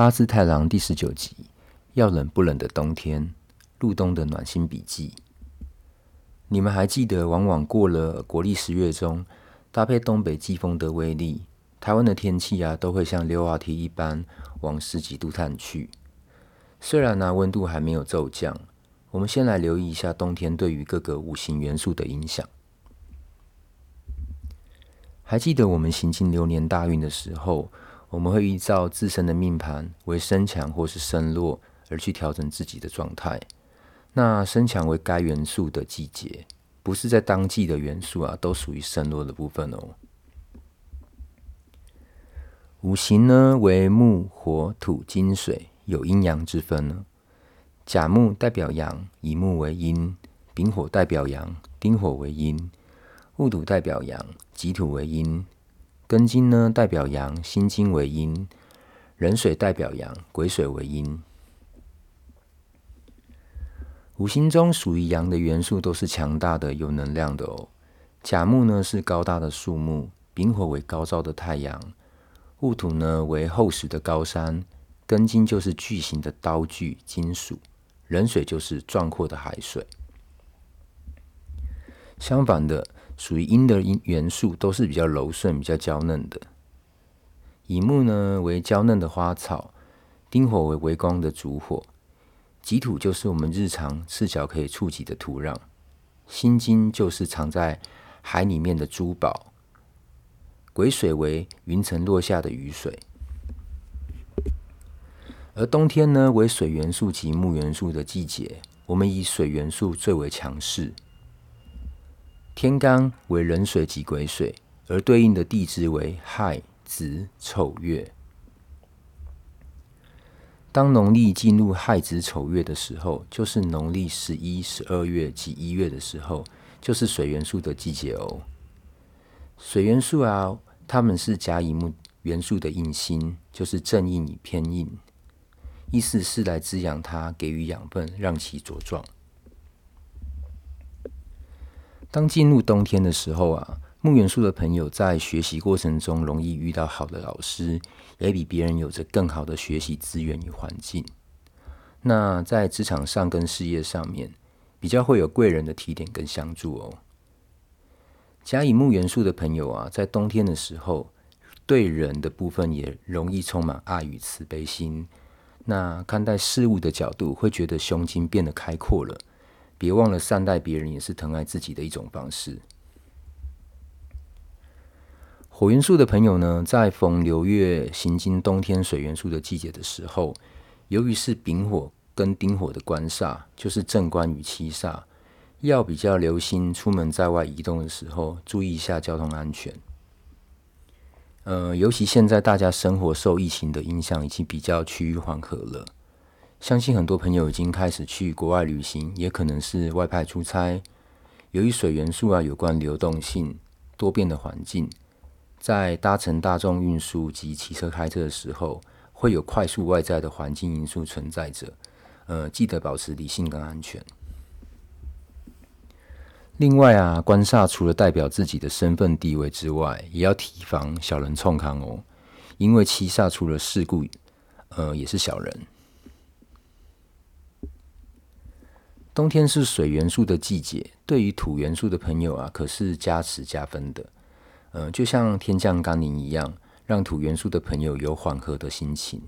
八字太郎第十九集，要冷不冷的冬天，入冬的暖心筆記。你們還記得，往往過了國曆十月中，搭配東北季風的威力，台灣的天氣啊，都會像溜滑梯一般往十幾度探去。雖然呢、啊，溫度還沒有驟降，我們先來留意一下冬天對於各個五行元素的影響。還記得我們行進流年大運的時候，我們會依照自身的命盤為身強或是身弱而去調整自己的狀態。那身強為該元素的季節，不是在當季的元素啊，都屬於身弱的部分哦。五行呢為木、火、土、金、水，有陰陽之分呢。甲木代表陽，乙木為陰；丙火代表陽，丁火為陰；戊土代表陽，己土為陰。庚金呢代表陽，辛金為陰；壬水代表陽，癸水為陰。五行中屬於陽的元素都是強大的、有能量的哦。甲木呢是高大的樹木，丙火為高照的太陽，戊土呢為厚實的高山，庚金就是巨型的刀具金屬，壬水就是壯闊的海水。相反的，屬於陰的元素都是比較柔順、比較嬌嫩的。乙木呢為嬌嫩的花草，丁火為微光的燭火，己土就是我們日常赤腳可以觸及的土壤，辛金就是藏在海裡面的珠寶，癸水為雲層落下的雨水。而冬天呢為水元素及木元素的季節，我們以水元素最為強勢。天干為壬水及癸水，而對應的地支為亥、子、丑月。當農曆進入亥子丑月的時候，就是農曆十一、十二月及一月的時候，就是水元素的季節哦。水元素啊，它們是甲乙木元素的印星，就是正印與偏印，意思是來滋養它，給予養分，讓其茁壯。當進入冬天的時候啊，木元素的朋友在學習過程中容易遇到好的老師，也比別人有着更好的學習資源與環境。那在職場上跟事業上面，比較會有貴人的提點跟相助哦。甲乙木元素的朋友啊，在冬天的時候，對人的部分也容易充滿愛與慈悲心。那看待事物的角度，會覺得胸襟變得開闊了。別忘了善待別人也是疼愛自己的一種方式。火元素的朋友呢，在逢流月行經冬天水元素的季節的時候，由於是丙火跟丁火的官煞，就是正官與七煞，要比較留心出門在外移動的時候，注意一下交通安全。呃，尤其現在大家生活受疫情的影響，已經比較趨於緩和了。相信很多朋友已經開始去國外旅行，也可能是外派出差。由於水元素啊，有關流動性、多變的環境，在搭乘大眾運輸及騎車開車的時候，會有快速外在的環境因素存在着。呃，記得保持理性跟安全。另外啊，官煞除了代表自己的身份地位之外，也要提防小人猖狂哦，因為七煞除了事故，呃，也是小人。冬天是水元素的季節，對於土元素的朋友啊，可是加持加分的。呃，就像天降甘霖一樣，讓土元素的朋友有緩和的心情。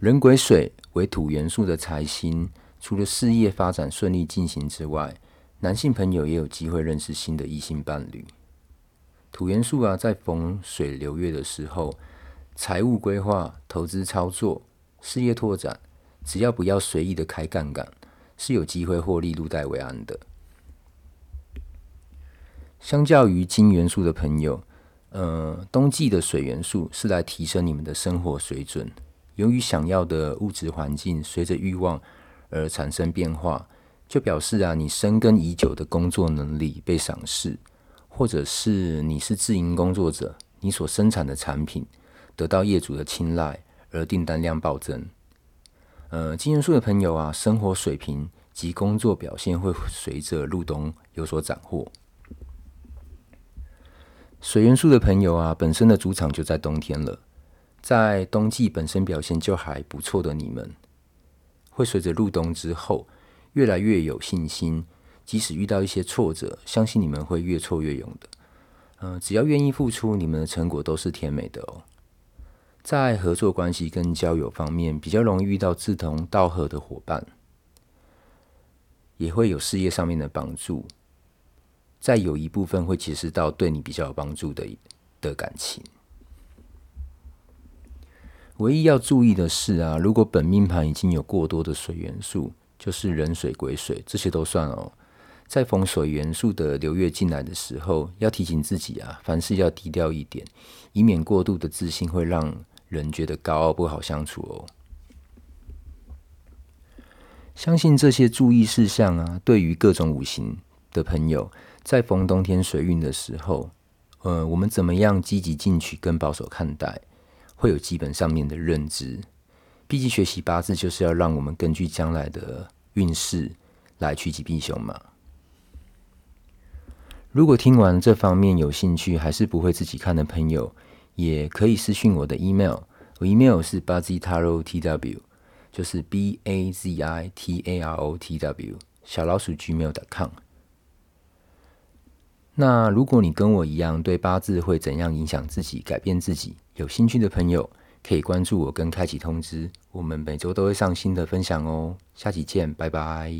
壬癸水為土元素的財星，除了事業發展順利進行之外，男性朋友也有機會認識新的異性伴侶。土元素啊，在逢水流月的時候，財務規劃、投資操作、事業拓展，只要不要隨意的開槓桿，是有機會獲利入袋為安的。相較於金元素的朋友，呃，冬季的水元素是來提升你們的生活水準。由於想要的物質環境隨着慾望而產生變化，就表示啊，你深耕已久的工作能力被賞識，或者是你是自營工作者，你所生產的產品得到業主的青睞，而訂單量暴增。呃，金元素的朋友啊，生活水平及工作表現會隨着入冬有所斬獲。水元素的朋友啊，本身的主場就在冬天了，在冬季本身表現就還不錯的你們，會隨着入冬之後越來越有信心，即使遇到一些挫折，相信你們會越挫越勇的。呃，只要願意付出，你們的成果都是甜美的哦。在合作關係跟交友方面，比較容易遇到志同道合的夥伴，也會有事業上面的幫助。在有一部分會結識到對你比較有幫助的的感情。唯一要注意的是啊，如果本命盤已經有過多的水元素，就是壬水、癸水這些都算哦。在逢水元素的流月進來的時候，要提醒自己啊，凡事要低調一點，以免過度的自信會讓。人覺得高傲不好相處哦。相信這些注意事項啊，對於各種五行的朋友，在逢冬天水運的時候，呃，我們怎麼樣積極進取跟保守看待，會有基本上面的認知。畢竟學習八字就是要讓我們根據將來的運勢來趨吉避凶嘛。如果聽完這方面有興趣，還是不會自己看的朋友。也可以私訊我的 email，我 email 是 bazitarotw，就是 b a z i t a r o t w 小老鼠 Gmail.com。那如果你跟我一樣對八字會怎樣影響自己、改變自己有興趣的朋友，可以關注我跟開啟通知，我們每周都會上新的分享哦。下期見，拜拜。